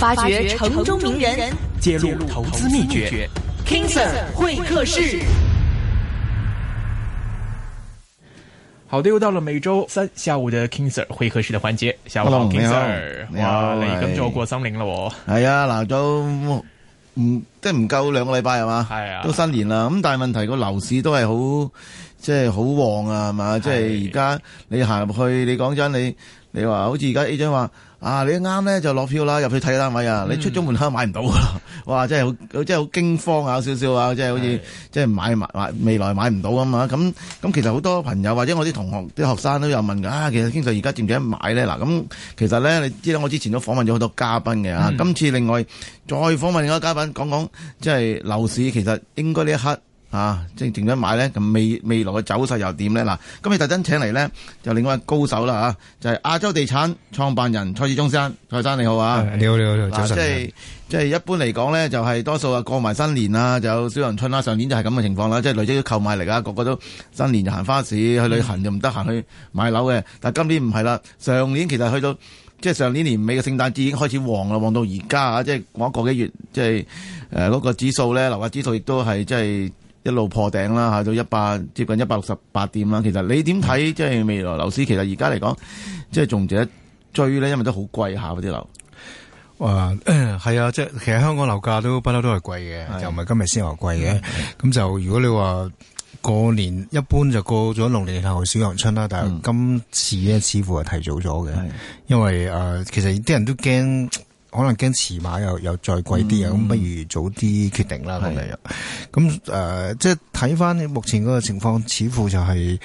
發掘城中名人，揭露投資秘訣。King Sir 會客室，好的，又到了每周三下午的 King Sir 會客室的環節。下午好，King Sir，你咁做過心靈了。我係啊，嗱，都唔即係唔夠兩個禮拜係嘛？係啊，都新年啦。咁但係問題個樓市都係好即係好旺啊，係嘛？即係而家你行入去，你講真，你你話好似而家 A 姐話。啊！你一啱呢就落票啦，入去睇單位啊！嗯、你出咗門口買唔到啊！哇！真係好，真係好驚慌啊！少少啊！即係好似即係買買未來買唔到啊嘛！咁、嗯、咁、嗯、其實好多朋友或者我啲同學啲學生都有問㗎。啊，其實經常而家點解買呢？嗱、啊，咁、嗯、其實呢，你知道我之前都訪問咗好多嘉賓嘅啊。今次另外再訪問另一個嘉賓，講講即係樓市其實應該呢一刻。啊，即係剩咗買呢，咁未未來嘅走勢又點呢？嗱，今日特登請嚟呢，就另外一個高手啦嚇、啊，就係、是、亞洲地產創辦人蔡志忠先生，蔡先生你好啊！你好你好你好，即係即係一般嚟講呢，就係多數啊過埋新年啊，就、就是、就有小陽春啦。上年就係咁嘅情況啦，即係累積要購買力啊，個個都新年就行花市，去旅行就唔得閒去買樓嘅。但係今年唔係啦，上年其實去到即係、就是、上年年尾嘅聖誕節已經開始旺啦，旺到而家啊，即、就、係、是、過過幾月，即係誒嗰個指數呢，樓價指數亦都係即係。多一路破頂啦嚇，到一百接近一百六十八點啦。其實你點睇、嗯、即係未來樓市？其實而家嚟講，即係仲值得追咧，因為都好貴下嗰啲樓。嗯、啊，係啊，即係其實香港樓價都是的 不嬲都係貴嘅，又唔係今日先話貴嘅。咁就如果你話過年一般就過咗六年後小陽春啦，但係今次咧似乎係提早咗嘅，是的 因為誒、呃、其實啲人都驚。可能驚遲買又又再貴啲啊，咁、嗯、不如早啲決定啦。係啊是，咁誒、呃，即係睇翻目前嗰個情況，似乎就係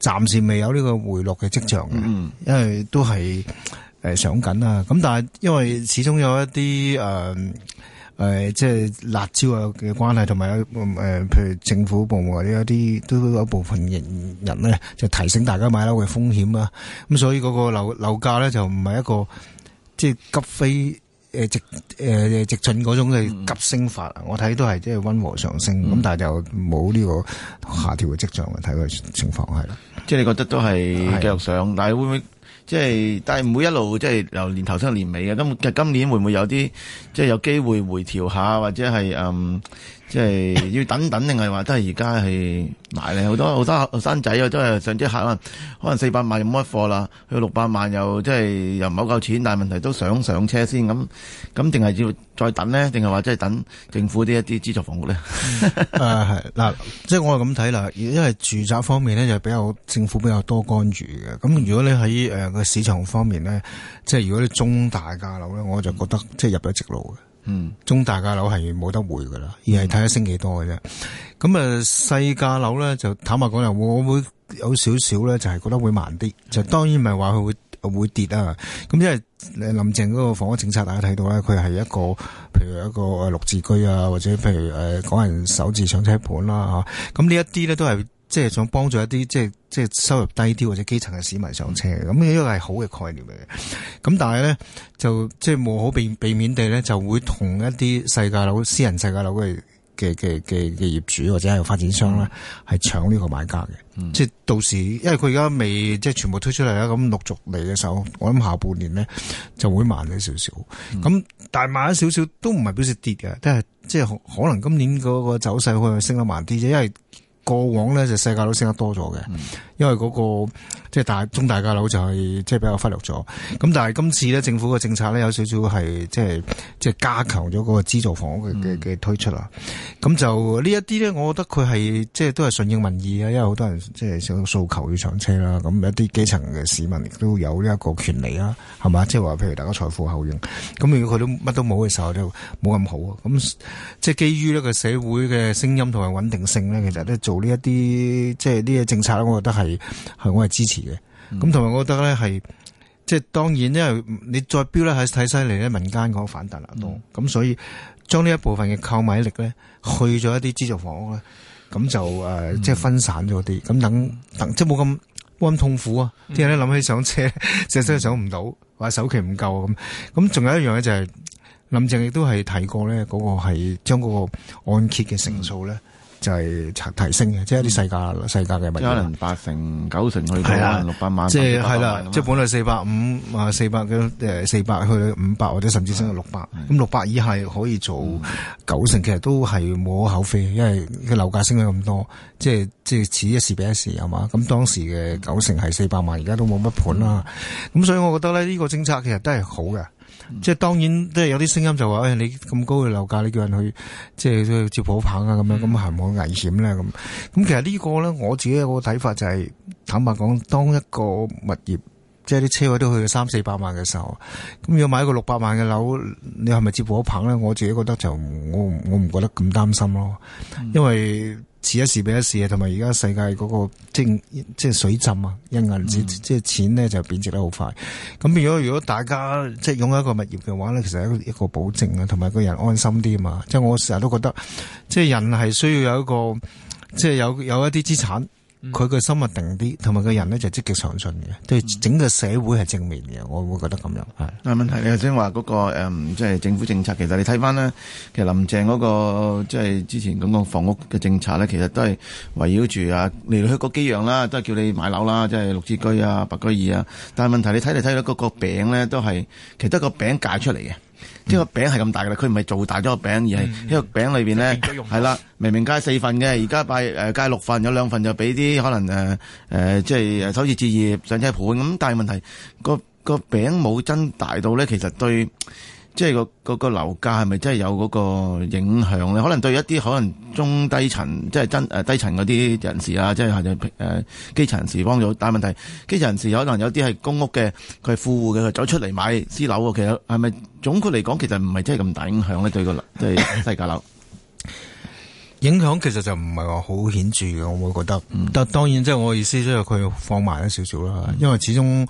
暫時未有呢個回落嘅跡象、嗯、因為都係誒上緊啦。咁、呃、但係因為始終有一啲誒誒，即係辣椒啊嘅關係，同埋誒，譬如政府部門或者一啲都有一部分人人咧，就提醒大家買樓嘅風險啊。咁所以嗰個樓樓價咧就唔係一個即係急飛。誒、呃，直誒直進嗰種嘅急升法，嗯、我睇都係即係溫和上升，咁、嗯、但係就冇呢個下調嘅跡象啊！睇個情況係咯，即係你覺得都係繼續上，的但係會唔會即係？但係唔會一路即係由年頭升到年尾嘅，咁今今年會唔會有啲即係有機會回調下，或者係嗯？即係要等等，定係話都係而家係買咧？好多好多後生仔啊，都係上即客可能可能四百萬又冇乜貨啦，去六百萬又即係又唔係好夠錢，但係問題都想上車先咁咁，定係要再等呢？定係話即係等政府啲一啲資助房屋咧？啊係嗱，即係、呃就是、我係咁睇嗱，因為住宅方面呢，就是、比較政府比較多干預嘅。咁如果你喺誒個市場方面呢，即、就、係、是、如果你中大價樓咧，我就覺得即係入咗直路嘅。嗯，中大價樓係冇得回噶啦，而係睇下升幾多嘅啫。咁啊，細價樓咧就坦白講啦，我會有少少咧，就係覺得會慢啲。就當然唔係話佢會會跌啊。咁因為林鄭嗰個房屋政策，大家睇到咧，佢係一個，譬如一個綠置居啊，或者譬如誒港、呃、人首置上車盤啦吓。咁呢一啲咧都係。即係想幫助一啲即係即係收入低啲或者基層嘅市民上車，咁呢個係好嘅概念嚟嘅。咁但係咧就即係冇好避避免地咧，就會同一啲世界樓、私人世界樓嘅嘅嘅嘅嘅業主或者係發展商咧，係搶呢個買家嘅。嗯、即係到時，因為佢而家未即係全部推出嚟啦，咁陸續嚟嘅時候，我諗下半年咧就會慢咗少少。咁、嗯、但係慢咗少少都唔係表示跌嘅，即係即係可能今年嗰個走勢會升得慢啲啫，因為。過往咧就世界都升得多咗嘅，因為嗰個。即係大中大家樓就係、是、即係比較忽略咗，咁但係今次咧政府嘅政策咧有少少係即係即係加強咗嗰個資助房屋嘅嘅嘅推出啦，咁就呢一啲咧，我覺得佢係即係都係順應民意嘅，因為好多人即係想訴求要上車啦，咁一啲基層嘅市民亦都有呢一個權利啦，係嘛？即係話譬如大家財富效應，咁如果佢都乜都冇嘅時候就冇咁好啊，咁即係基於呢個社會嘅聲音同埋穩定性咧，其實咧做呢一啲即係呢啲政策咧，我覺得係係我係支持。嘅，咁同埋我覺得咧係，即係當然，因為你再飆咧係睇犀利咧，民間嗰個反彈啊多，咁、嗯、所以將呢一部分嘅購買力咧，去咗一啲資助房屋咧，咁就誒、呃嗯、即係分散咗啲，咁等等即係冇咁冇咁痛苦啊，啲人咧諗起上車，實質上唔到，話首期唔夠啊咁，咁仲有一樣嘢就係、是、林鄭亦都係提過咧、那個，嗰個係將嗰個按揭嘅成數咧。嗯就係提升嘅，即係一啲細價、細價嘅物，可能八成、九成去到的六百萬。的即係係啦，即係本來四百五啊，嗯、四百嘅誒四百去五百或者甚至升到六百。咁的、嗯、六百以下可以做九成，其實都係冇可厚非，因為個樓價升咗咁多，即係即係似一時比一時啊嘛。咁當時嘅九成係四百萬，而家都冇乜盤啦。咁、嗯、所以我覺得咧，呢、呢個政策其實都係好嘅。嗯、即係當然，即係有啲聲音就話：誒、哎，你咁高嘅樓價，你叫人去即係去接火棒啊？咁樣咁係咪好危險咧？咁咁其實個呢個咧，我自己個睇法就係、是、坦白講，當一個物業即係啲車位都去到三四百萬嘅時候，咁要買一個六百萬嘅樓，你係咪接火棒咧？我自己覺得就我我唔覺得咁擔心咯，因為。嗯時一時比一時啊，同埋而家世界嗰個即係即係水浸啊，因銀紙即係錢咧就貶值得好快。咁如果如果大家即係擁有一個物業嘅話咧，其實係一個保證啊，同埋個人安心啲啊嘛。即係我成日都覺得，即係人係需要有一個即係有有一啲資產。佢個心物定啲，同埋個人呢就積極上進嘅，對整個社會係正面嘅，我會覺得咁樣。係但係問題，你頭先話嗰個即係、嗯就是、政府政策，其實你睇翻咧，其實林鄭嗰、那個即係、就是、之前咁個房屋嘅政策呢，其實都係圍繞住啊嚟嚟去去幾樣啦，都係叫你買樓啦，即、就、係、是、綠置居啊、白居二啊。但係問題你睇嚟睇去嗰個餅咧，都係其實一個餅解出嚟嘅。呢、嗯、個餅係咁大嘅啦，佢唔係做大咗個餅，而係呢個餅裏邊呢，係啦，明明加四份嘅，而家拜誒加六份，有兩份就俾啲可能誒誒、呃、即係誒首次置業上車盤咁，但係問題，個個餅冇增大到呢，其實對。即係、嗰個嗰、嗰個樓價係咪真係有嗰個影響咧？可能對一啲可能中低層、即係呃，即係真誒低層嗰啲人士啊，即係誒基層人士幫咗。大係問題基層人士可能有啲係公屋嘅，佢係富戶嘅，佢走出嚟買私樓。其實係咪總括嚟講，其實唔係真係咁大影響咧？對、嗰個樓對細價樓影響其實就唔係話好顯著嘅，我會覺得。嗯、但當然即係、即係、我意思，即係佢放慢咗少少啦。因為始終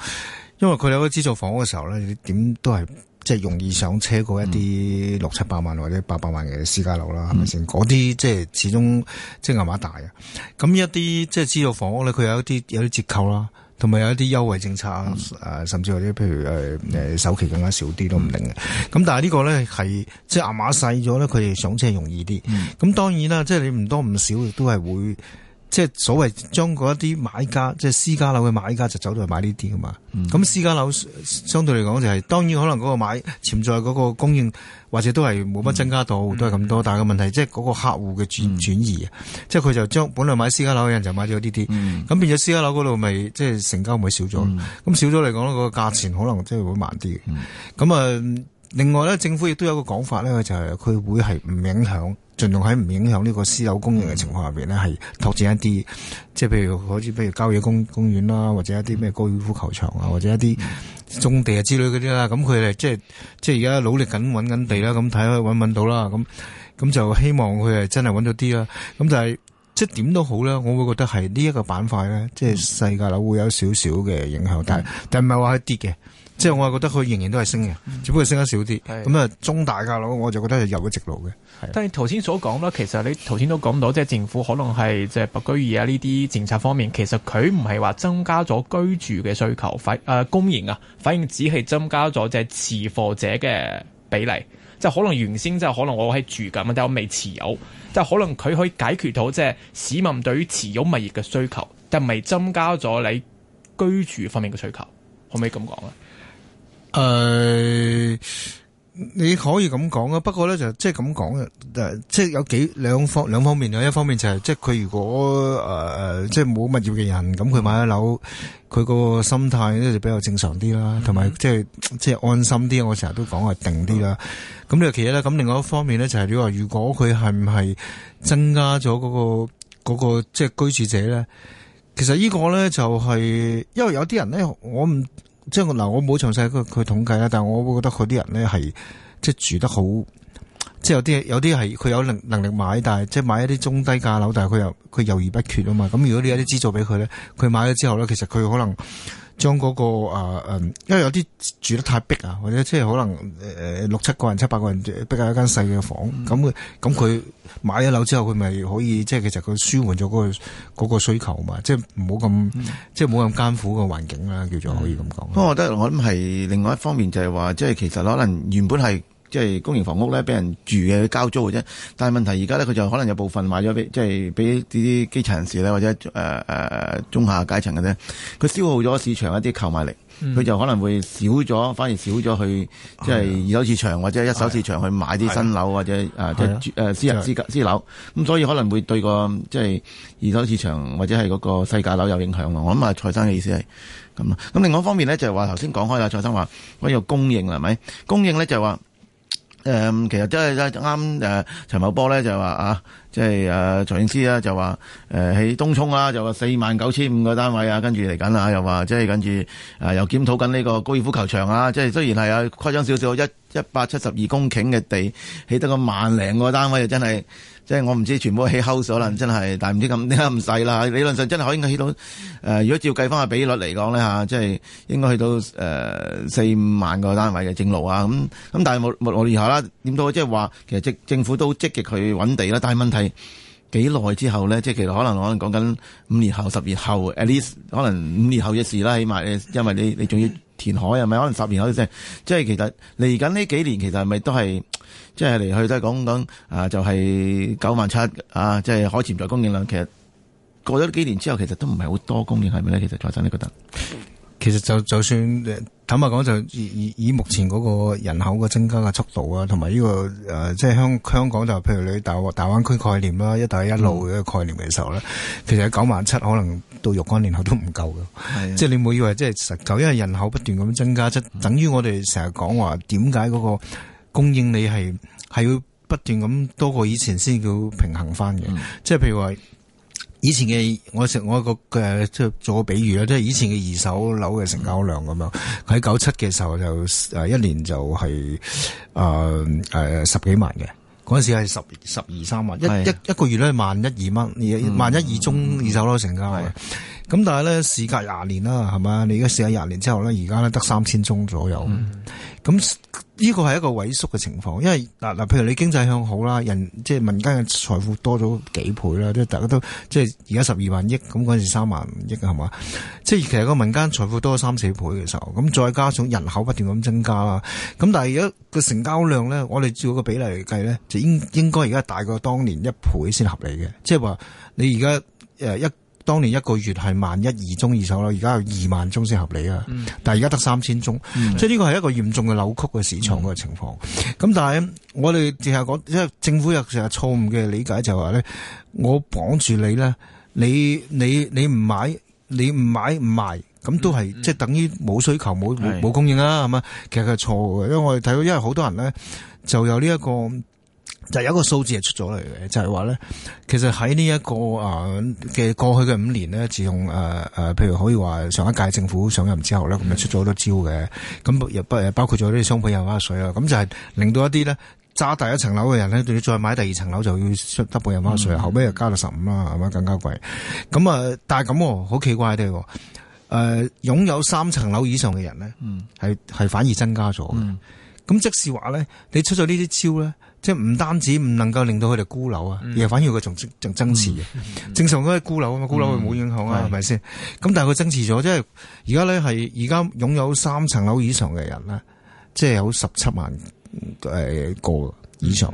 因為佢有個資助房屋嘅時候咧，點都係。即係容易上車過一啲六七百萬或者八百萬嘅私家樓啦，係咪先？嗰啲、嗯、即係始終即係銀碼大啊！咁一啲即係資助房屋咧，佢有一啲有啲折扣啦，同埋有一啲優惠政策、嗯、啊，誒，甚至或者譬如誒誒、呃、首期更加少啲都唔定嘅。咁、嗯、但係呢個咧係即係銀碼細咗咧，佢哋上車容易啲。咁、嗯、當然啦，即係你唔多唔少亦都係會。即係所謂將嗰一啲買家，即係私家樓嘅買家就走咗去買呢啲啊嘛。咁、嗯、私家樓相對嚟講就係、是，當然可能嗰個買潛在嗰個供應，或者都係冇乜增加到，嗯、都係咁多。但係個問題即係嗰個客戶嘅轉轉移，即係佢就將本來買私家樓嘅人就買咗呢啲。咁、嗯、變咗私家樓嗰度咪即係成交咪少咗？咁、嗯、少咗嚟講咧，嗰個價錢可能即係會慢啲咁啊。嗯嗯嗯另外咧，政府亦都有個講法咧，就係、是、佢會係唔影響，盡量喺唔影響呢個私樓供應嘅情況下邊咧，係拓展一啲，即係譬如好似譬如郊野公公園啦，或者一啲咩高爾夫球場啊，或者一啲種地啊之類嗰啲啦。咁佢哋即係即係而家努力緊揾緊地啦，咁睇下揾唔揾到啦。咁、嗯、咁就希望佢係真係揾到啲啦。咁但係即係點都好咧，我會覺得係呢一個板塊咧，即係細價樓會有少少嘅影響，嗯、但係但唔係話一跌嘅。即係我係覺得佢仍然都係升嘅，嗯、只不過升得少啲。咁啊是，中大家佬，我就覺得係有咗直路嘅。但係頭先所講啦，其實你頭先都講到，即係政府可能係即係白居二啊呢啲政策方面，其實佢唔係話增加咗居住嘅需求反誒供應啊，反應只係增加咗即係持貨者嘅比例。即係可能原先即係可能我喺住緊，但我未持有。即係可能佢可以解決到即係市民對於持有物業嘅需求，但係唔係增加咗你居住方面嘅需求，可唔可以咁講啊？誒、呃，你可以咁講啊，不過咧就即係咁講嘅，誒，即係有幾兩方兩方面啦。一方面就係、是、即係佢如果誒誒、呃，即係冇物業嘅人，咁佢、嗯、買一樓，佢個心態咧就比較正常啲啦，同埋、嗯就是、即係即係安心啲。我成日都講係定啲啦。咁、嗯、呢個其一啦。咁另外一方面咧就係你話如果佢係唔係增加咗嗰、那個、那個即係居住者咧，其實個呢個咧就係、是、因為有啲人咧，我唔。即係我嗱，我冇詳細佢佢統計啦，但係我會覺得佢啲人咧係即係住得好，即係有啲有啲係佢有能能力買，但係即係買一啲中低價樓，但係佢又佢猶豫不決啊嘛。咁如果你有啲資助俾佢咧，佢買咗之後咧，其實佢可能。將嗰個啊嗯、呃，因為有啲住得太逼啊，或者即係可能誒誒六七個人、七八個人逼喺一間細嘅房，咁嘅咁佢買咗樓之後，佢咪可以即係其實佢舒緩咗嗰個嗰個需求嘛，即係唔好咁即係冇咁艱苦嘅環境啦，叫做可以咁講。不過、嗯、我覺得對我諗係另外一方面就係話，即係其實可能原本係。即係公營房屋咧，俾人住嘅交租嘅啫。但係問題而家咧，佢就可能有部分買咗俾即係俾啲啲基層人士咧，或者誒誒、呃、中下階層嘅啫。佢消耗咗市場一啲購買力，佢、嗯、就可能會少咗，反而少咗去即係、就是、二手市場或者一手市場去買啲新樓、哎、呀或者誒誒、啊啊、私人私、啊、私，私樓。咁、嗯、所以可能會對個即係、就是、二手市場或者係嗰個細價樓有影響。我諗啊，蔡生嘅意思係咁咯。咁另外一方面咧，就係話頭先講開啦，蔡生話關於供應啦，係咪供應咧就係話？誒、嗯，其實真係啱誒，陳、啊、茂波咧就話啊，即係誒，蔡、啊、穎思咧就話，誒、啊、喺東涌啦、啊，就話四萬九千五個單位啊，跟住嚟緊啊，又話即係跟住啊，又檢討緊呢個高爾夫球場啊，即、就、係、是、雖然係啊，誇張少少，一一百七十二公頃嘅地起得個萬零個單位，真係。即係我唔知全部起 house 可能真係，但係唔知咁點解咁細啦？理論上真係可以起到誒、呃，如果照計翻個比率嚟講咧嚇，即係應該去到誒四五萬個單位嘅正路啊！咁咁但係冇冇落以後啦。點都即係話其實政府都積極去揾地啦。但係問題幾耐之後咧，即係其實可能可能講緊五年後、十年後，at least 可能五年後嘅事啦。起碼因為你你仲要。填海係咪可能十年後先？即係其實嚟緊呢幾年，其實係咪都係即係嚟去都係講講啊，就係九萬七啊，即係海潛在供應量。其實過咗幾年之後，其實都唔係好多供應，係咪咧？其實再真，你覺得？嗯其實就就算坦白講，就以以目前嗰個人口嘅增加嘅速度啊，同埋呢個誒、呃，即係香香港就譬如你大大灣區概念啦，一帶一路嘅概念嘅時候咧，嗯、其實九萬七可能到若干年後都唔夠嘅，即係你唔好以為即係實夠，因為人口不斷咁增加，即等於我哋成日講話點解嗰個供應你係係要不斷咁多過以前先叫平衡翻嘅，嗯、即係譬如話。以前嘅我食我一個嘅，即係做個比喻啦，即係以前嘅二手樓嘅成交量咁樣，佢喺九七嘅時候就誒一年就係誒誒十幾萬嘅，嗰陣時係十十二三萬，一一是一個月咧萬一二蚊，萬一二宗二手樓成交嘅。嗯嗯咁但係咧，事隔廿年啦，係嘛？你而家事隔廿年之後咧，而家咧得三千宗左右。咁呢個係一個萎縮嘅情況，因為嗱嗱，譬如你經濟向好啦，人即係民間嘅財富多咗幾倍啦，即係大家都即係而家十二萬億，咁嗰陣時三萬億啊，係嘛？即係其實個民間財富多咗三四倍嘅時候，咁再加上人口不斷咁增加啦。咁但係而家個成交量咧，我哋照個比例嚟計咧，就應應該而家大過當年一倍先合理嘅。即係話你而家誒一。當年一個月係萬一二宗二手樓，而家有二萬宗先合理啊！但係而家得三千宗，即係呢個係一個嚴重嘅扭曲嘅市場嘅情況。咁、嗯、但係我哋淨係講，因為政府又成日錯誤嘅理解就話咧，我綁住你咧，你你你唔買，你唔買唔賣，咁都係即係等於冇需求、冇冇供應啦，係嘛？其實係錯嘅，因為我哋睇到，因為好多人咧就有呢、這、一個。就有一個數字係出咗嚟嘅，就係話咧，其實喺呢一個啊嘅、呃、過去嘅五年咧，自從誒誒，譬如可以話上一屆政府上任之後咧，咁咪、嗯、出咗好多招嘅，咁亦不包括咗呢啲雙倍印花稅啊，咁就係令到一啲咧揸第一層樓嘅人咧，仲要再買第二層樓就要出 double 印花稅，嗯、後尾又加到十五啦，係咪更加貴？咁啊，但係咁好奇怪啲誒，擁、呃、有三層樓以上嘅人咧，係係反而增加咗嘅。咁、嗯、即是話咧，你出咗呢啲招咧。即係唔單止唔能夠令到佢哋沽樓啊，嗯、而係反而佢仲增仲增持嘅。嗯、正常都係沽樓啊嘛，沽樓佢冇影響啊，係咪先？咁是但係佢增持咗，即係而家咧係而家擁有三層樓以上嘅人咧，即係有十七萬誒個、呃、以上。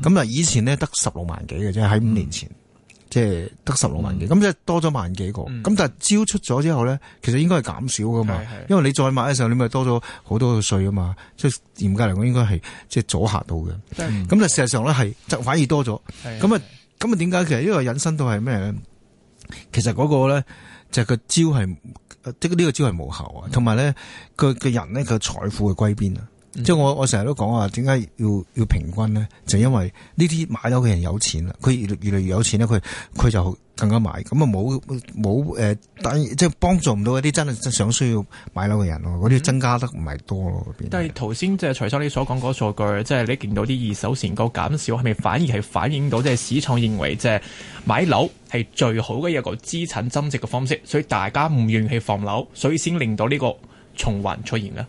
咁啊、嗯，嗯、以前咧得十六萬幾嘅啫，喺五年前。嗯嗯嗯、即係得十六萬幾，咁即係多咗萬幾個。咁、嗯、但係招出咗之後咧，其實應該係減少噶嘛，嗯嗯、因為你再買嘅時候，你咪多咗好多個稅啊嘛。即係嚴格嚟講，應該係即係阻嚇到嘅。咁、嗯、但係事實上咧係即反而多咗。咁啊咁啊，點解其實因為引申到係咩咧？其實嗰個咧就係、個招係即呢個招係無效啊，同埋咧佢嘅人咧佢財富嘅歸邊啊。嗯、即係我我成日都講啊，點解要要平均呢？就因為呢啲買樓嘅人有錢啦，佢越嚟越嚟越有錢咧，佢佢就更加買，咁啊冇冇誒，但、呃嗯、即係幫助唔到一啲真係想需要買樓嘅人咯，嗰啲增加得唔係多咯。但係頭先即係徐生你所講嗰個數據，即係你見到啲二手成交減少，係咪反而係反映到即係市場認為即係買樓係最好嘅一個資產增值嘅方式，所以大家唔願意去放樓，所以先令到呢個循環出現咧？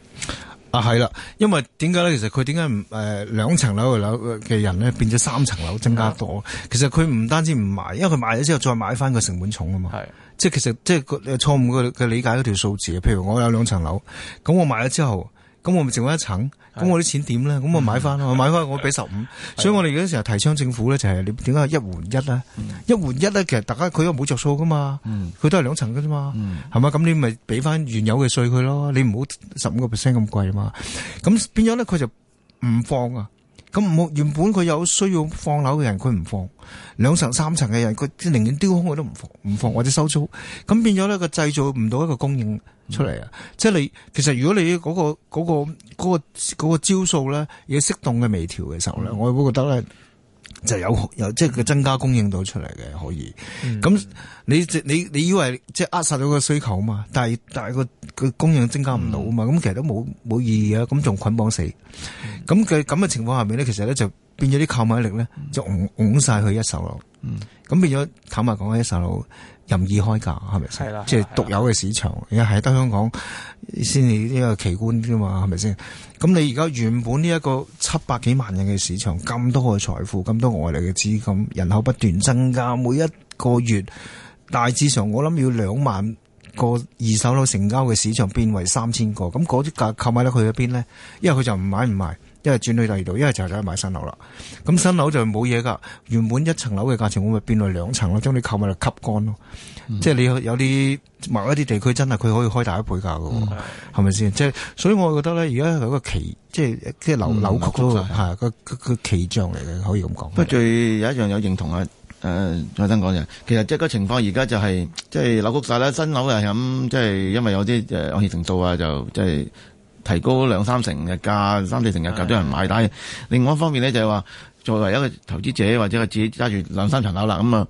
啊，係啦，因為點解咧？其實佢點解唔誒兩層樓嘅樓嘅人咧變咗三層樓增加多？啊、其實佢唔單止唔買，因為佢買咗之後再買返個成本重啊嘛。係是的，即係其實即係個錯誤嘅嘅理解條數字啊。譬如我有兩層樓，咁我買咗之後。咁我咪剩翻一層，咁是的 我啲錢點咧？咁我買翻咯，嗯、買翻我俾十五，所以我哋嗰陣時係提倡政府咧，就係、是、你點解一換一咧？嗯、一換一咧，其實大家佢又冇着數噶嘛，佢都係兩層嘅啫嘛，係嘛、嗯？咁你咪俾翻原有嘅稅佢咯，你唔好十五個 percent 咁貴嘛。咁變咗咧？佢就唔放啊！咁原本佢有需要放樓嘅人，佢唔放兩層、三層嘅人，佢寧願丟空佢都唔放，唔放或者收租，咁變咗咧個製造唔到一個供應出嚟啊！嗯、即係你其實如果你嗰、那個嗰、嗰個嗰個嗰個嗰個嗰個招數咧，要適當嘅微調嘅時候咧，嗯、我會覺得咧就有有即係、即係、增加供應到出嚟嘅可以。咁、嗯、你你你以為即係扼殺到個需求啊嘛？但係但係、嗰個。佢供應增加唔到啊嘛，咁、嗯、其實都冇冇意義啊，咁仲捆綁死，咁佢咁嘅情況下面咧，其實咧就變咗啲購買力咧，就擁晒曬去一手樓，咁、嗯、變咗坦白講，一手樓任意開價，係咪？即係獨有嘅市場，而家喺得香港先係呢個奇觀啫嘛，係咪先？咁你而家原本呢一個七百幾萬人嘅市場，咁多嘅財富，咁多外嚟嘅資金，人口不斷增加，每一個月大致上我諗要兩萬，個二手樓成交嘅市場變為三千個，咁嗰啲價購買力去咗邊呢？因為佢就唔買唔賣，因為轉去第二度，因為就走去買新樓啦。咁新樓就冇嘢噶，原本一層樓嘅價錢會咪變到兩層咯，將啲購買力吸乾咯。嗯、即係你有啲某一啲地區真係佢可以開大一倍價噶，係咪先？即係吧所以我覺得呢，而家係一個畸，即係即係扭扭曲係個個個畸象嚟嘅，可以咁講。不過最有一樣有認同啊。誒，重新講嘢。其實即係個情況，就是，而家就係即係扭曲晒啦，新樓又係咁，即、就、係、是，因為有啲誒按揭程度啊，就即係提高兩三成嘅價，三四成嘅價都人買。哎哎哎但係另外一方面咧，就係、是，話作為一個投資者或者佢自己揸住兩三層樓啦，咁啊，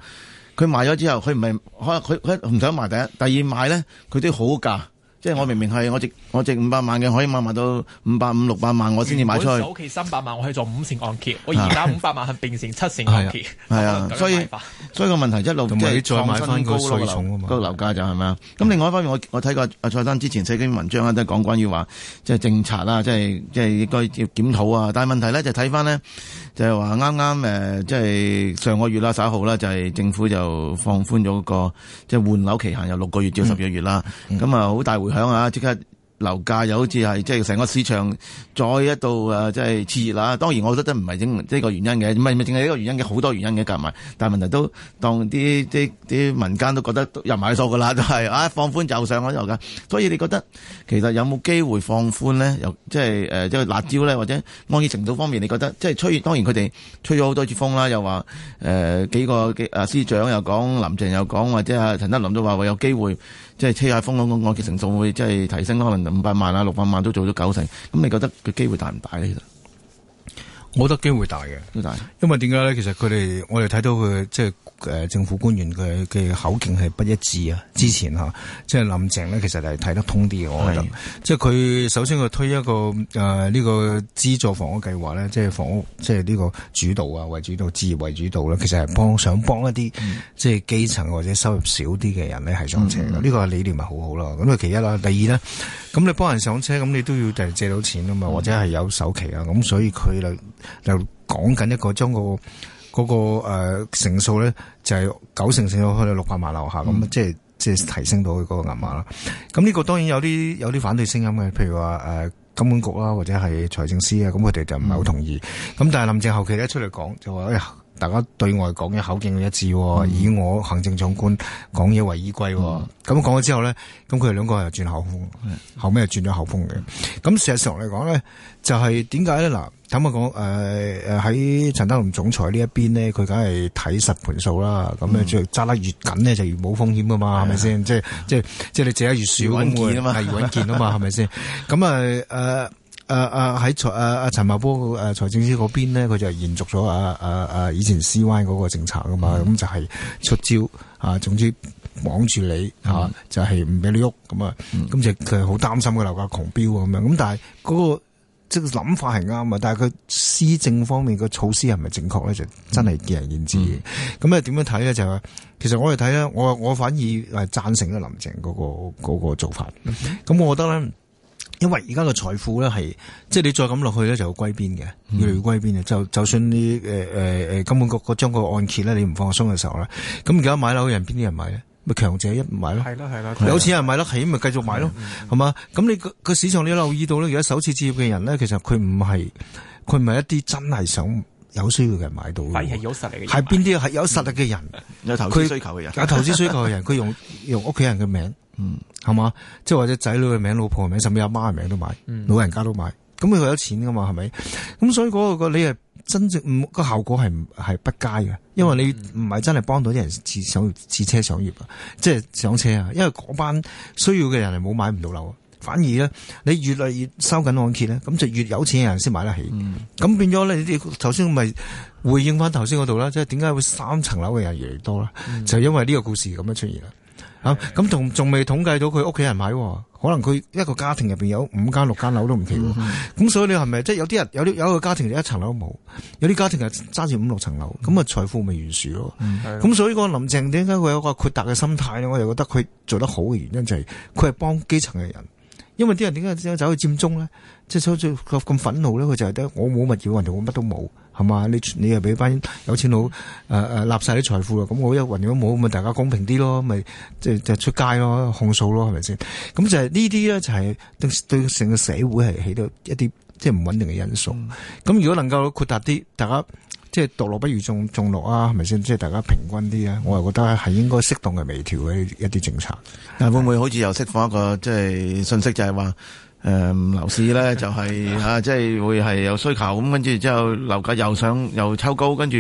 佢賣咗之後，佢唔係開，佢佢唔想賣第一，第二賣咧，佢都好價。即係我明明係我值我值五百萬嘅，可以賣到五百五六百萬，我先至買出去。早期三百萬，我去做五成按揭。我而家五百萬係變成七成按揭。係 啊 所，所以所以個問題一路即係跟 再買翻高樓價，個樓價就係咪啊？咁另外一方面，我我睇過阿、啊、蔡生之前寫篇文章啊，都講關於話即係政策啦，即係即係應該要檢討啊。但係問題咧就睇翻呢。就是就係話啱啱誒，即係上個月啦，十一號啦，就係政府就放寬咗個即係換樓期限，由六個月至十二個月啦。咁啊、嗯，好大回響啊，即刻。樓價又好似係即係成個市場再一度誒，即係熾熱啦。當然，我覺得真唔係整呢個原因嘅，唔係唔係淨係呢個原因嘅，好多原因嘅夾埋。但係問題都當啲啲啲民間都覺得又買唔到㗎啦，都係啊放寬就上咗右㗎。所以你覺得其實有冇機會放寬呢？又即係誒、呃、即係辣招咧，或者安熱程度方面，你覺得即係吹？當然佢哋吹咗好多次風啦，又話誒、呃、幾個嘅啊司長又講，林鄭又講，或者啊陳德霖都話會有機會。即係車亞風嗰個嘅成數會即係提升，可能五百萬啊、六百萬都做咗九成，咁你覺得佢機會大唔大呢？其實。冇、嗯、得機會大嘅，因為點解咧？其實佢哋我哋睇到佢即係誒政府官員嘅嘅口徑係不一致啊。之前嚇，即係、嗯啊就是、林鄭咧，其實係睇得通啲嘅，是我覺得。即係佢首先佢推一個誒呢、呃這個資助房屋計劃咧，即、就、係、是、房屋即係呢個主導啊，為主導、置業為主導啦。其實係幫、嗯、想幫一啲即係基層或者收入少啲嘅人咧，係上車嘅。呢、嗯、個理念咪好好咯。咁佢其一啦，第二咧，咁你幫人上車，咁你都要第借到錢啊嘛，或者係有首期啊。咁所以佢咧。就講緊一個將、那個、那個誒、呃、成數咧，就係、是、九成成數去到六百萬樓下，咁、嗯、即係即係提升到佢嗰個銀碼啦。咁呢個當然有啲有啲反對聲音嘅，譬如話誒金管局啦，或者係財政司啊，咁佢哋就唔係好同意。咁、嗯、但係林鄭後期咧，出嚟講，就話哎呀。大家對外講嘅口徑一致，嗯、以我行政長官講嘢為依歸。咁、嗯嗯嗯、講咗之後呢，咁佢哋兩個又轉口風，後尾又轉咗口風嘅。咁事實上嚟講呢，就係點解呢？嗱，咁啊講誒誒喺陳德龍總裁呢一邊呢，佢梗係睇實盤數啦。咁、嗯、咧，揸得、嗯、越緊呢，就越冇風險噶嘛，係咪先？即係即係即係你借得越少，咁會係越穩健啊嘛，係咪先？咁啊誒。嗯呃誒誒喺財誒誒陳茂波個誒財政司嗰邊呢，佢就延續咗阿阿阿以前 CY 嗰個政策噶嘛，咁、嗯嗯、就係、是、出招啊，總之綁住你吓、嗯啊，就係唔俾你喐咁啊，咁、嗯嗯嗯、就佢好擔心個樓價狂飆咁樣。咁但係嗰個即係諗法係啱啊，但係佢施政方面個措施係咪正確咧，就真係見仁見智咁啊，點樣睇咧就係、是，其實我哋睇咧，我我反而誒贊成咧林鄭嗰、那個個做法。咁我覺得咧。嗯嗯因為而家個財富咧係，即係你再咁落去咧就歸邊嘅，越嚟越歸邊嘅。就就算你誒誒誒，根本個個將個按揭咧，你唔放鬆嘅時候咧，咁而家買樓嘅人邊啲人買咧？咪強者一唔買咯，係咯係咯，有錢人買得起咪繼續買咯，係嘛？咁你個、個個市場你留意到咧，而家首次置業嘅人咧，其實佢唔係佢唔係一啲真係想有需要嘅人買到嘅，係有實力，係邊啲係有實力嘅人、嗯，有投資需求嘅人，有投資需求嘅人，佢 用用屋企人嘅名。嗯，係嘛，即係或者仔女嘅名、老婆嘅名、甚至阿媽嘅名都買，嗯、老人家都買，咁佢有錢噶嘛，係咪？咁所以嗰個你係真正唔、嗰個效果係係不佳嘅，因為你唔係真係幫到啲人上上上車上業啊，即係上車啊，因為嗰班需要嘅人係冇買唔到樓啊，反而咧你越嚟越收緊按揭咧，咁就越有錢嘅人先買得起，咁、嗯嗯、變咗咧你啲頭先咪回應翻頭先嗰度啦，即係點解會三層樓嘅人越嚟越多咧？嗯、就因為呢個故事咁樣出現啦。咁同仲未統計到佢屋企人買，可能佢一個家庭入邊有五間六間樓都唔奇喎。咁、嗯嗯、所以你係咪即係有啲人有啲有一個家庭一層樓都冇，有啲家庭係揸住五六層樓咁啊？嗯、財富咪懸殊咯。咁所以個林鄭點解佢有一個豁達嘅心態咧？我又覺得佢做得好嘅原因就係佢係幫基層嘅人，因為啲人點解走去佔中咧？即係佢咁憤怒咧，佢就係得我冇乜要人哋，我乜都冇。係嘛？你你又俾翻有錢佬誒誒立曬啲財富啊？咁我一運用都冇，咪大家公平啲咯？咪即係即係出街咯，控訴咯，係咪先？咁就係呢啲咧，就係對對成個社會係起到一啲即係唔穩定嘅因素。咁、嗯、如果能夠擴大啲，大家即係、就是、獨樂不如眾眾樂啊？係咪先？即、就、係、是、大家平均啲啊？我係覺得係應該適當嘅微調嘅一啲政策。但會唔會好似又釋放一個即係信息，就係、是、話？誒，樓、嗯、市咧就係、是、吓、 啊，即係會係有需求咁，跟住之後樓價又想又抽高，跟住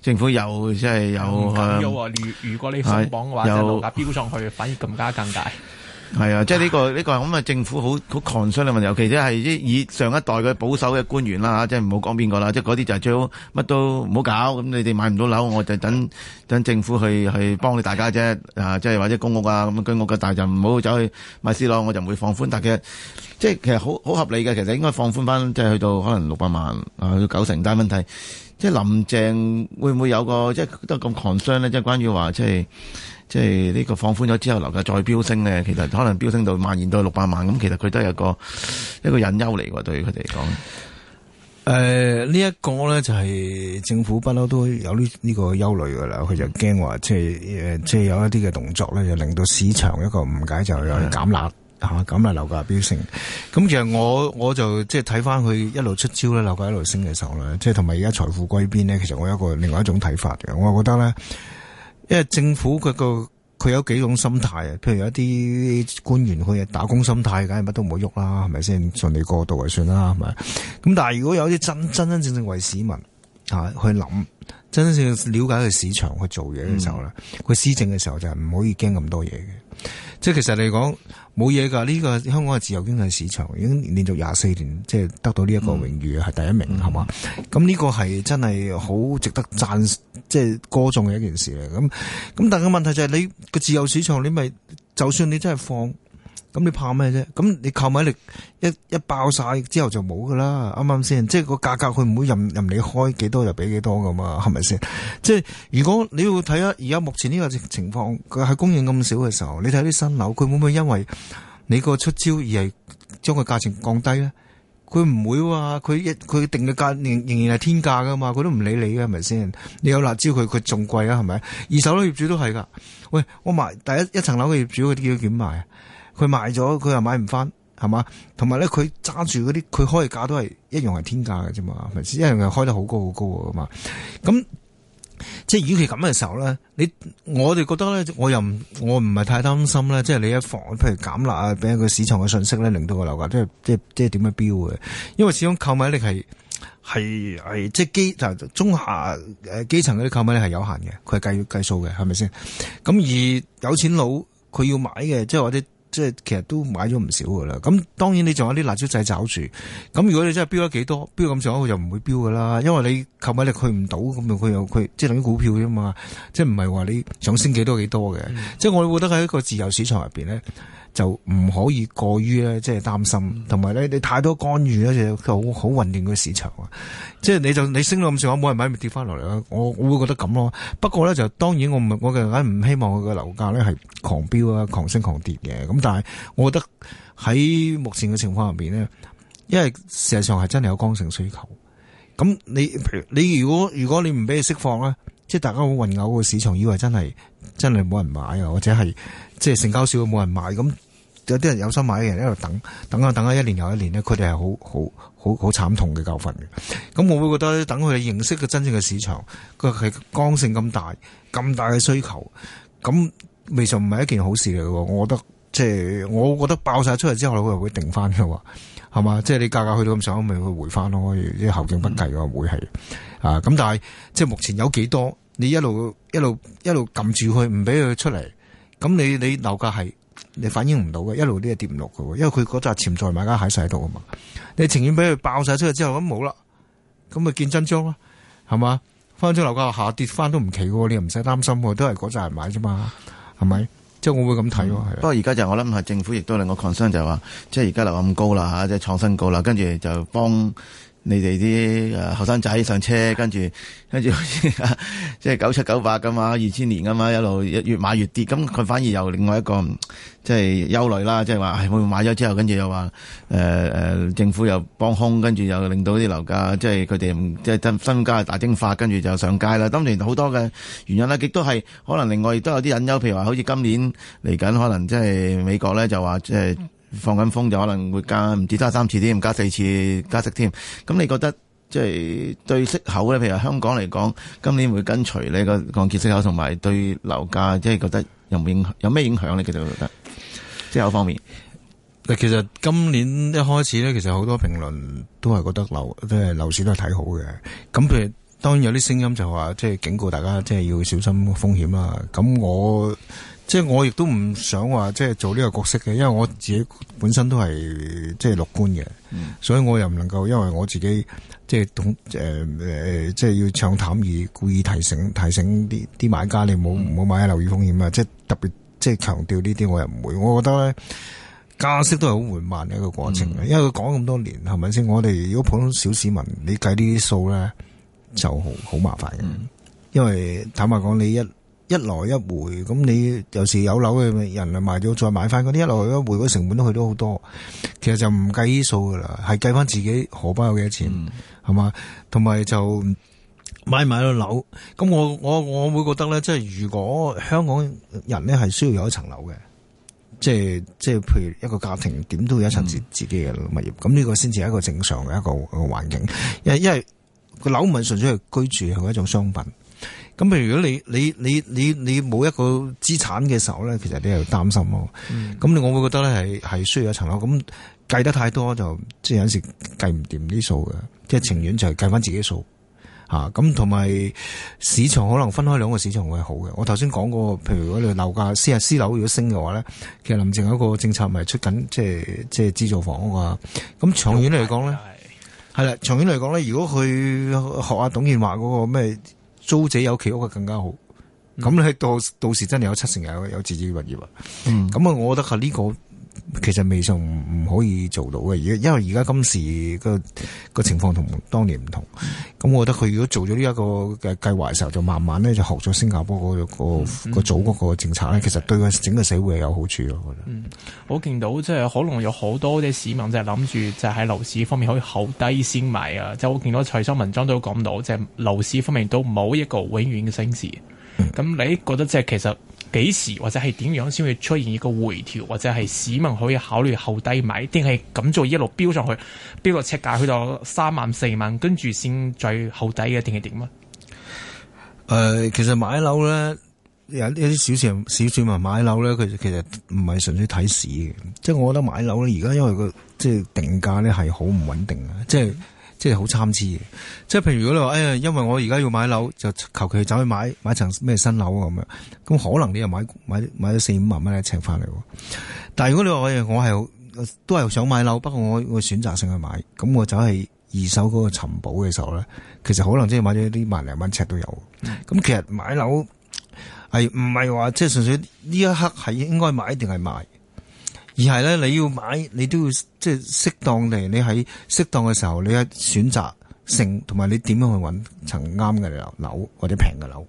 政府又即係又，嗯嗯、如果如果你鬆綁嘅話，即係樓價飆上去， 反而更加尷尬。係啊，即係呢個呢個咁啊， 政府好好關心嘅問題，尤其即係依以上一代嘅保守嘅官員啦，即係唔好講邊個啦，即係嗰啲就係最好乜都唔好搞，咁你哋買唔到樓，我就等等政府去去幫你大家啫，啊，即係或者公屋啊咁居屋嘅，大就唔好走去買私樓，我就唔會放寬。但係其實即係其實好好合理嘅，其實應該放寬翻，即係去到可能六百萬啊，去到九成，但係問題。即林鄭會唔會有個即係都咁 concern 咧？即係關於話即係即係呢個放寬咗之後樓價再飆升咧，其實可能飆升到蔓延到六百萬咁，其實佢都係一個一個隱憂嚟喎，對於佢哋嚟講。誒，呢一個咧就係政府不嬲都有呢呢個憂慮噶啦，佢就驚話即係誒即係有一啲嘅動作咧，就令到市場一個誤解就有個，就又減辣。吓咁啊！樓價飆升，咁其實我我就即係睇翻佢一路出招咧，樓價一路升嘅時候咧，即係同埋而家財富歸邊咧。其實我有一個另外一種睇法嘅，我覺得咧，因為政府佢個佢有幾種心態啊。譬如有一啲官員佢係打工心態，梗係乜都唔好喐啦，係咪先順利過渡就算啦，係咪？咁但係如果有啲真真真正正為市民。去諗真正了解佢市場佢做嘢嘅時候咧，佢、嗯、施政嘅時候就係、是、唔可以驚咁多嘢嘅。即係其實嚟講冇嘢㗎，呢、這個香港係自由經濟市場，已經連續廿四年即係得到呢一個榮譽係第一名，係嘛、嗯？咁呢個係真係好值得讚，即、就、係、是、歌頌嘅一件事嚟。咁咁但係個問題就係、是、你個自由市場，你咪就算你真係放。咁你怕咩啫？咁你購買力一一爆晒之後就冇噶啦，啱啱先？即係個價格佢唔會任任你開幾多就俾幾多噶嘛？係咪先？ 即係如果你要睇下而家目前呢個情況，佢喺供應咁少嘅時候，你睇啲新樓，佢會唔會因為你個出招而係將個價錢降低咧？佢唔會話、啊、佢一佢定嘅價仍然係天價噶嘛？佢都唔理你嘅，係咪先？你有辣椒佢佢仲貴啊？係咪？二手樓業主都係噶。喂，我賣第一一層樓嘅業主幾，佢點點賣啊？佢賣咗，佢又買唔翻，係嘛？同埋咧，佢揸住嗰啲，佢開價都係一樣係天價嘅啫嘛，一樣係開得好高好高嘅嘛。咁即係與其佢咁嘅時候咧，你我哋覺得咧，我又我唔係太擔心咧。即係你一放，譬如減辣啊，俾一個市場嘅信息咧，令到個樓價即係即係即係點樣飆嘅？因為始終購買力係係係即係基嗱中下誒、呃、基層嗰啲購買力係有限嘅，佢係計計數嘅，係咪先？咁而有錢佬佢要買嘅，即係我哋。即係其實都買咗唔少噶啦，咁當然你仲有啲辣椒仔找住，咁如果你真係飆咗幾多，飆咁上去，佢就唔會飆噶啦，因為你購買力去唔到，咁樣佢又佢即係等於股票啫嘛，即係唔係話你上升幾多幾多嘅，嗯、即係我覺得喺一個自由市場入邊咧。就唔可以過於咧，即係擔心，同埋咧，你太多干預咧，就好好混亂個市場啊！即係你就你升到咁上下，冇人買咪跌翻落嚟咯。我我會覺得咁咯。不過咧，就當然我唔我梗唔希望佢個樓價咧係狂飆啊，狂升狂跌嘅。咁但係，我覺得喺目前嘅情況入面呢，因為事實上係真係有剛性需求。咁你你如果如果你唔俾佢釋放咧，即係大家好混淆個市場，以為真係真係冇人買啊，或者係即係成交少冇人買咁。有啲人有心買嘅人一路等，等啊等啊，一年又一年咧，佢哋係好好好好慘痛嘅教訓嘅。咁我會覺得，等佢哋認識個真正嘅市場，佢係剛性咁大、咁大嘅需求，咁未嘗唔係一件好事嚟嘅。我覺得，即係我覺得爆晒出嚟之後，佢又會定翻嘅，係嘛？即係你價格去到咁上，咪會回翻咯。啲後勁不計嘅會係、嗯、啊。咁但係即係目前有幾多？你一路一路一路撳住佢，唔俾佢出嚟，咁你你樓價係？你反應唔到嘅，一路啲嘢跌唔落嘅，因為佢嗰扎潛在買家喺晒度啊嘛。你情願俾佢爆晒出去之後咁冇啦，咁咪見真章啦，係嘛？翻中樓價下跌翻都唔奇嘅，你又唔使擔心，都係嗰扎人買啫嘛，係咪？即係我會咁睇喎。不過而家就係、我諗係政府亦都令我 concern 就係、係、話，即係而家樓價咁高啦嚇，即係創新高啦，跟住就幫。你哋啲誒後生仔上車，跟住跟住，好似，即係九七九八㗎嘛，二千年㗎嘛，一路越買越跌，咁佢反而又另外一個即係、就是、憂慮啦，即係話誒，我、哎、買咗之後，跟住又話誒誒，政府又幫空，跟住又令到啲樓價即係佢哋即係身家大蒸發，跟住就上街啦。當然好多嘅原因咧，亦都係可能另外亦都有啲隱憂，譬如話好似今年嚟緊，可能即係美國咧就話即係。嗯放緊風就可能會加，唔止加三次添，加四次加息添。咁你覺得即係、就是、對息口咧？譬如香港嚟講，今年會跟隨呢個降息息口，同埋對樓價即係、就是、覺得有冇影響？有咩影響咧？其實覺得即係息口方面。其實今年一開始呢，其實好多評論都係覺得樓即係、就是、樓市都係睇好嘅。咁譬如當然有啲聲音就話，即、就、係、是、警告大家即係、就是、要小心風險啊。咁我。即係我亦都唔想話即係做呢個角色嘅，因為我自己本身都係即係樂觀嘅，嗯、所以我又唔能夠因為我自己即係同誒誒即係要唱淡而故意提醒提醒啲啲買家你唔好、嗯、買啊，留意風險啊！即係特別即係強調呢啲，我又唔會。我覺得咧，加息都係好緩慢一個過程，嗯、因為佢講咁多年，係咪先？我哋如果普通小市民你計呢啲數咧，就好好麻煩嘅。嗯、因為坦白講，你一一來一回咁，你有時有樓嘅人啊賣咗再買翻嗰啲一來一回，嗰成本都去到好多。其實就唔計數噶啦，係計翻自己荷包有幾多錢係嘛，同埋、嗯、就買唔買到樓。咁我我我會覺得咧，即係如果香港人咧係需要有一層樓嘅，即係即係譬如一個家庭點都要有一層自自己嘅物業。咁呢個先至係一個正常嘅一個環境。因為因為個樓唔係純粹係居住，係一種商品。咁譬如如果你你你你你冇一個資產嘅時候咧,其實你係擔心咯。咁你、嗯、我會覺得咧係係需要一層樓。咁計得太多就即係有陣時計唔掂啲數嘅，即係情願就係計翻自己數吓。咁同埋市場可能分開兩個市場會係好嘅。我頭先講過譬如嗰度樓價私啊私樓如果升嘅話咧，其實林鄭有一個政策咪出緊即係即係資助房屋啊。咁長遠嚟講咧，係啦、嗯嗯嗯，長遠嚟講咧，如果佢學阿董建華嗰個咩？租者有其屋企屋嘅更加好。咁你到到時真係有七成有有自己嘅物業啊。咁啊、嗯，我覺得係、這、呢個。其實未上唔可以做到嘅，而因為而家今時個個情況同當年唔同，咁、嗯、我覺得佢如果做咗呢一個嘅計劃嘅時候，就慢慢咧就學咗新加坡嗰、那個、那個組個政策咧，嗯、其實對個整個社會有好處咯。我覺、嗯、我見到即係、就是、可能有好多啲市民就諗住就喺樓市方面可以好低先買啊，即、就、係、是、我見到蔡生文章都講到，即係樓市方面都冇一個永遠嘅升值。咁、嗯、你覺得即係、就是、其實？幾時或者係點樣先會出現一個回調，或者係市民可以考慮後低買，定係咁做一路飆上去，飆個尺價去到三萬四萬，跟住先再後低嘅，定係點啊？誒，其實買樓咧有啲小市小市民買樓咧，佢其實唔係純粹睇市嘅，即係我覺得買樓咧而家因為個即係定價咧係好唔穩定嘅，即係。即係好參差嘅，即係譬如如果你話，哎呀，因為我而家要買樓，就求其走去買買層咩新樓啊咁樣，咁可能你又買買買咗四五萬蚊一尺翻嚟喎。但係如果你話，我我係都係想買樓，不過我我選擇性去買，咁我就係二手嗰個尋寶嘅時候咧，其實可能即係買咗啲萬零蚊尺都有。咁、嗯、其實買樓係唔係話即係純粹呢一刻係應該買定係賣？而係咧，你要買，你都要即係適當地，你喺適當嘅時候，你喺選擇性，同埋你點樣去揾層啱嘅樓，或者平嘅樓，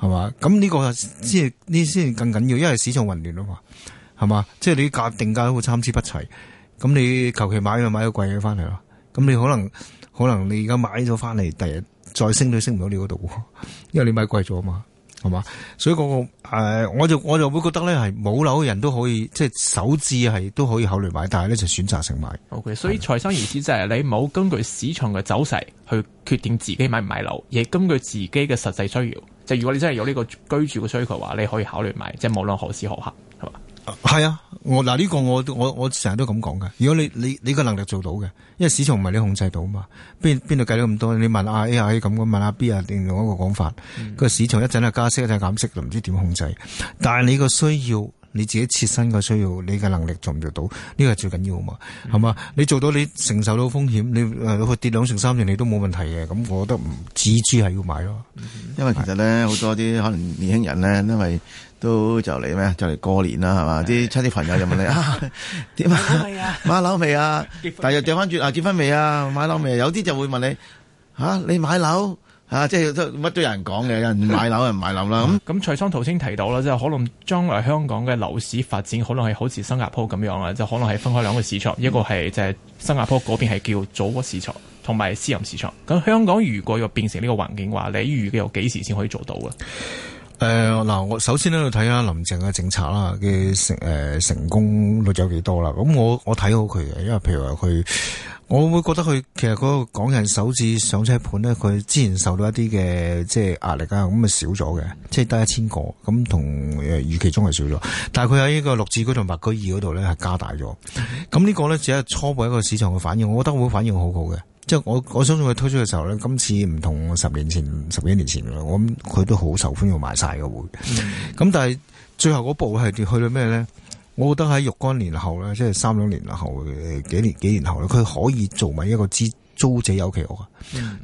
係嘛？咁呢個即係呢先更緊要，因為市場混亂啊嘛，係嘛？即係你價定價都會參差不齊，咁你求其買又買個貴嘢翻嚟啦，咁你可能可能你而家買咗翻嚟，第日再升都升唔到你嗰度，因為你買貴咗嘛。係嘛，所以，那個誒、呃，我就我就會覺得咧，係冇樓嘅人都可以，即係首次係都可以考慮買，但係咧就選擇性買。O Okay , K，吧所以財商意思就係、是、你唔好根據市場嘅走勢去決定自己買唔買樓，而係根據自己嘅實際需要。就是，如果你真係有呢個居住嘅需求話，你可以考慮買，即係無論何時何刻，係嘛。係啊，我嗱呢個我我我成日都咁講嘅。如果你你你個能力做到嘅，因為市場唔係你控制到嘛，邊邊度計到咁多？你問阿 A 啊咁講，問阿 B 啊，另用一個講法，個市場一陣係加息，一陣減息，就唔知點控制。但係你個需要，你自己切身個需要，你嘅能力做唔做到？呢個係最緊要啊嘛，係嘛？你做到你承受到風險，你去跌兩成三成你都冇問題嘅。咁我覺得唔止住係要買咯，因為其實咧好多啲可能年輕人咧，因為。都就嚟咩？就嚟過年啦，係嘛？啲是的 親戚朋友就問你 啊，點啊，買啊， 啊？買樓未啊？但係又掉翻轉啊，結婚未啊？買樓未？有啲就會問你嚇、啊，你買樓啊？即係乜都有人講嘅，有人買樓，買樓，有唔買樓啦。咁咁、嗯嗯，蔡生頭先提到啦，即、就、係、是、可能將來香港嘅樓市發展，可能係好似新加坡咁樣啊，就可能係分開兩個市場，嗯、一個係就係、是、新加坡嗰邊係叫組屋市場，同埋私人市場。咁香港如果要變成呢個環境嘅話，你預計有幾時先可以做到啊？誒，嗱、呃，我首先咧要睇下林鄭嘅政策啦嘅成，誒，成功率有幾多啦？咁我我睇好佢嘅，因為譬如話佢，我會覺得佢其實嗰個港人首次上車盤咧，佢之前受到一啲嘅即係壓力啊，咁啊少咗嘅，即係得一千個，咁同誒預期中係少咗，但係佢喺呢個綠置居同白居二嗰度咧係加大咗，咁呢個咧只係初步一個市場嘅反應，我覺得會反應好好嘅。即係我，我相信佢推出嘅時候咧，今次唔同十年前，十幾年前嘅，我諗佢都好受歡迎，賣晒嘅會。咁、mm hmm. 但係最後嗰部係去到咩咧？我覺得喺若干年後咧，即係三兩年後，幾年幾年後咧，佢可以做埋一個租者、mm hmm. 租者有其屋。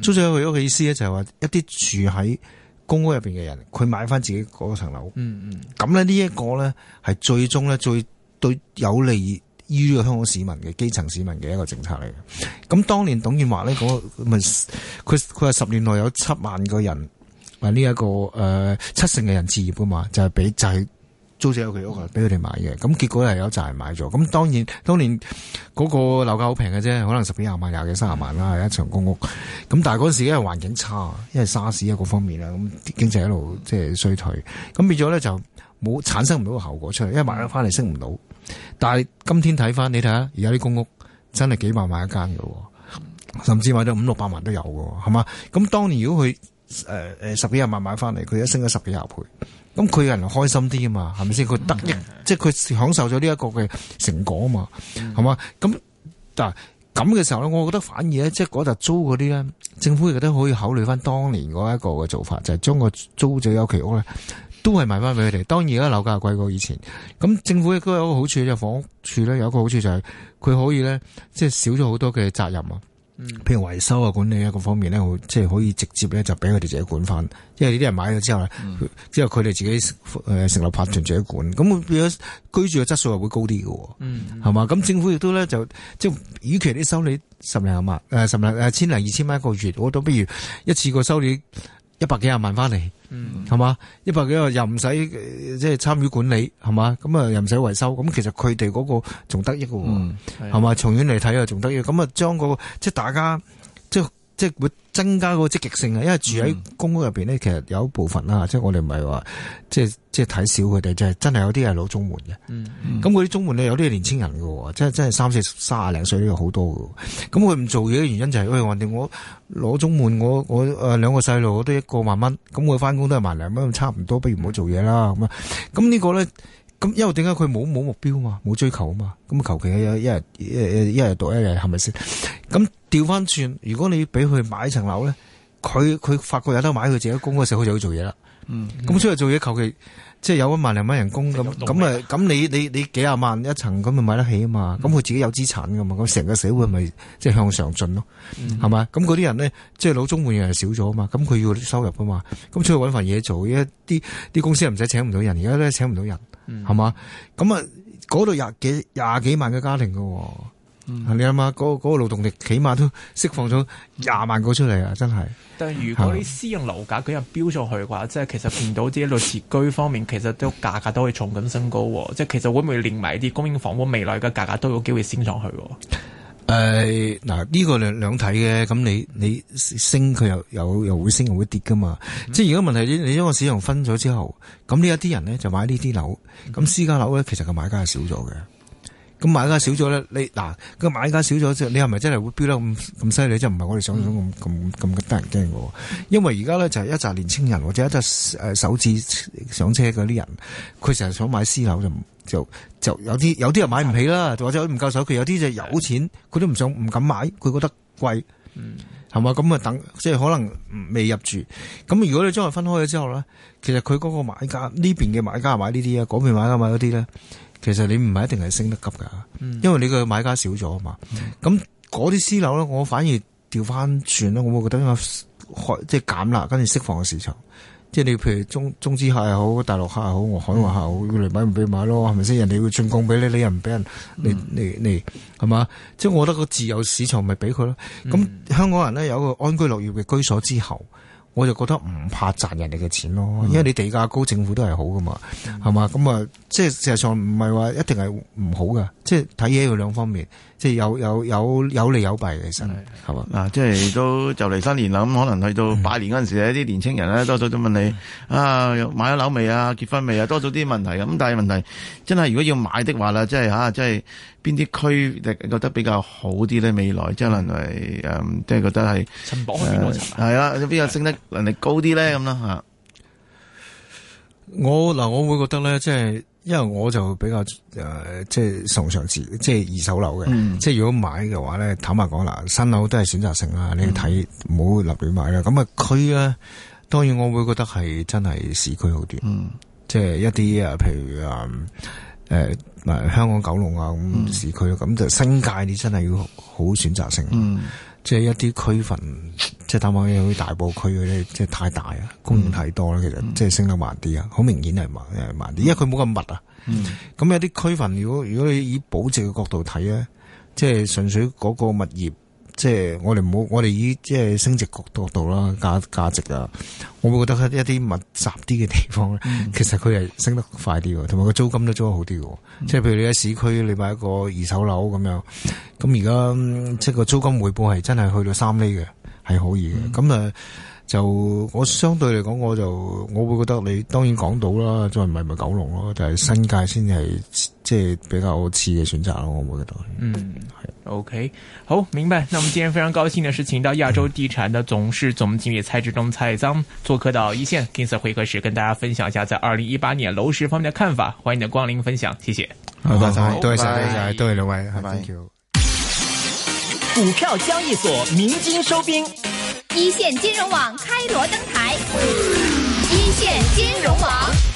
租者有其屋嘅意思咧，就係話一啲住喺公屋入邊嘅人，佢買翻自己嗰層樓。嗯嗯、mm。咁咧呢一個咧，係最終咧最對有利，於香港市民嘅基層市民嘅一個政策嚟嘅，咁當年董建華呢嗰唔係佢佢話十年內有七萬個人啊呢一個誒、呃、七成嘅人置業啊嘛，就係、是、俾就是、租借屋企屋啊，俾佢哋買嘅，咁結果係有扎人買咗。咁當然當年嗰、那個樓價好平嘅啫，可能十幾廿萬、廿幾三十萬啦，一層公屋。咁但係嗰陣時因為環境差，因為沙士一個方面啦，咁經濟一路即係衰退，咁變咗咧就冇產生唔到個效果出嚟，因為買咗翻嚟升唔到。但係今天睇翻，你睇下而家啲公屋真係幾百萬買一間嘅，甚至買到五六百萬都有嘅，係嘛？咁當年如果佢誒誒十幾廿萬買翻嚟，佢一升咗十幾廿倍，咁佢有人開心啲啊嘛？係咪先？佢得益，嗯、即係佢享受咗呢一個嘅成果啊嘛？係嘛？咁但係咁嘅時候咧，我覺得反而咧，即係嗰笪租嗰啲咧，政府亦都可以考慮翻當年嗰一個嘅做法，就係將個租咗有其屋咧。都係賣翻俾佢哋，當然而家樓價貴過以前，咁政府亦都有一個好處，就房屋處咧有一個好處就係、是、佢可以咧即係少咗好多嘅責任啊，嗯、譬如維修啊、管理啊各方面咧，即係可以直接咧就俾佢哋自己管翻，因為呢啲人買咗之後，之後佢哋自己誒成立法團自己管，咁變咗居住嘅質素又會高啲嘅，係嘛、嗯？咁、嗯、政府亦都咧就即係，與其啲收你十零萬誒，十零誒千零二千蚊一個月，我都不如一次過收你一百幾廿萬翻嚟。嗯，係嘛，一百幾又又唔使即係參與管理，係嘛，咁啊又唔使維修，咁其實佢哋嗰個仲得益嘅，係嘛、嗯，從遠嚟睇啊仲得益，咁啊將嗰個即係大家即係即係會。增加個積極性啊！因為住喺公屋入邊咧，其實有一部分啦、嗯，即係我哋唔係話，即係即係睇少佢哋，即係真係有啲係攞中門嘅。咁嗰啲中門咧，有啲係年輕人嘅喎，即係真係三四三廿零歲呢個好多嘅。咁佢唔做嘢嘅原因就係、是，喂、哎，橫掂我攞中門，我我誒、呃、兩個細路，我都一個萬蚊，咁我翻工都係萬零蚊，差唔多，不如唔好做嘢啦。咁啊，咁呢個咧。咁，因為點解佢冇冇目標啊嘛，冇追求啊嘛，咁啊求其一日一日讀一日係咪先？咁調翻轉，如果你俾佢買一層樓咧，佢佢發覺有得買佢自己工嗰時，佢就要做嘢啦。咁、嗯、出去做嘢，求其即係有一萬零蚊人工咁咁啊，咁、嗯、你你你，你幾廿萬一層咁咪買得起啊嘛？咁佢、嗯、自己有資產噶嘛？咁成個社會咪即係向上進咯，係咪、嗯？咁嗰啲人咧，即係老中換人少咗啊嘛？咁佢要收入噶嘛？咁出去揾份嘢做，因為啲啲公司又唔使請唔到人，而家咧請唔到人。係嘛？咁啊，嗰度廿幾廿幾萬嘅家庭嘅，你諗下，嗰、嗰個嗰個勞動力起碼都釋放咗廿萬個出嚟啊！真係。但係如果你私人樓價佢又飆上去嘅話， 即係其實見到啲綠置居方面，其實都價格都可以重緊升高，即係其實會唔會連埋啲公營房屋未來嘅價格都有機會升上去？ 誒，嗱呢、呃這個兩兩睇嘅，咁你你升佢又又又會升又會跌噶嘛？嗯、即係如果問題，你呢個市場分咗之後，咁呢一啲人咧就買呢啲樓，咁、嗯、私家樓咧其實個買家係少咗嘅。咁買家少咗咧，嗯、你嗱個買家少咗，即係你係咪真係會飆得咁咁犀利？即唔係我哋想象咁咁咁得人驚嘅？因為而家咧就係、是、一紮年輕人或者一紮誒首次上車嗰啲人，佢成日想買私樓就就就有啲有啲人買唔起啦，或者唔夠手。佢有啲就有錢，佢都唔想唔敢買，佢覺得貴，係嘛、嗯？咁啊等，即係可能未入住。咁如果你將佢分開咗之後咧，其實佢嗰個買家呢邊嘅買家買呢啲啊，嗰邊買家買嗰啲咧，其實你唔係一定係升得急噶，嗯、因為你嘅買家少咗啊嘛。咁嗰啲私樓咧，那那樓我反而調翻轉咧，我會覺得即係減辣，跟住釋放嘅市場。即係你，譬如中中資客又好，大陸客又好，外海外客又好，要嚟買唔俾買咯，係咪先？人哋會進貢俾你，你又唔俾人，你你你係嘛？即係我覺得個自由市場咪俾佢咯。咁香港人呢有一個安居樂業嘅居所之後。我就覺得唔怕賺人哋嘅錢咯，因為你地價高，政府都係好噶嘛，係嘛，咁啊，即係事實上唔係話一定係唔好噶，即係睇嘢，佢兩方面，即係有有有有利有弊嘅，其實係嘛，嗱，即係都就嚟新年啦，咁可能去到拜年嗰陣時咧，啲的年青人咧，多數都問你的啊，買咗樓未啊，結婚未啊，多數啲問題嘅，咁但係問題真係如果要買的話啦，即係吓、啊，即係。邊啲區覺得比較好啲咧？未來即係可能係誒、嗯，即係覺得係，係啦，邊、呃、個升得能力高啲咧？咁咯嚇。我嗱，我會覺得咧，即、就、係、是、因為我就比較誒，即、呃、係、就是、崇尚自，即、就、係、是、二手樓嘅。嗯、即係如果買嘅話咧，坦白講啦，新樓都係選擇性啦，你睇，唔好立亂買啦。咁啊、嗯，區咧當然我會覺得係真係市區好啲，即係、嗯、一啲啊，譬如啊。嗯誒，嗱、呃，香港九龍啊，咁市區咯，咁、嗯、就新界你真係要好選擇性，嗯、即係一啲區份，即係打翻啲大埔區嗰啲，即係太大啊，供應太多咧，其實、嗯、即係升得慢啲啊，好明顯係慢，係慢啲，因為佢冇咁密啊。咁、嗯、有啲區份，如果如果你以保值嘅角度睇咧，即係純粹嗰個物業。即係我哋唔好，我哋以即係升值角度啦，價價值啊，我會覺得一啲密集啲嘅地方咧，其實佢係升得快啲嘅，同埋個租金都租得好啲嘅。即係譬如你喺市區，你買一個二手樓咁樣，咁而家即係個租金回報係真係去到三厘嘅，係可以嘅。咁啊、嗯。就我相對嚟講，我就我會覺得你當然講到啦，再唔係咪九龍咯，就係、是、新界先係即係比較次嘅選擇咯，我會覺得嗯，係 OK，好明白。那我們今日非常高興的是，請到亞洲地產的董事、嗯、總經理蔡志忠、蔡總做客到一線 King Sir 會客室，跟大家分享一下在二零一八年樓市方面的看法。歡迎你光臨分享，謝謝。嗯、好，蔡總多謝多謝，多謝，多謝兩位，係咪？Thank you。股票交易所明金收兵。一線金融網開鑼登台， 一線金融網。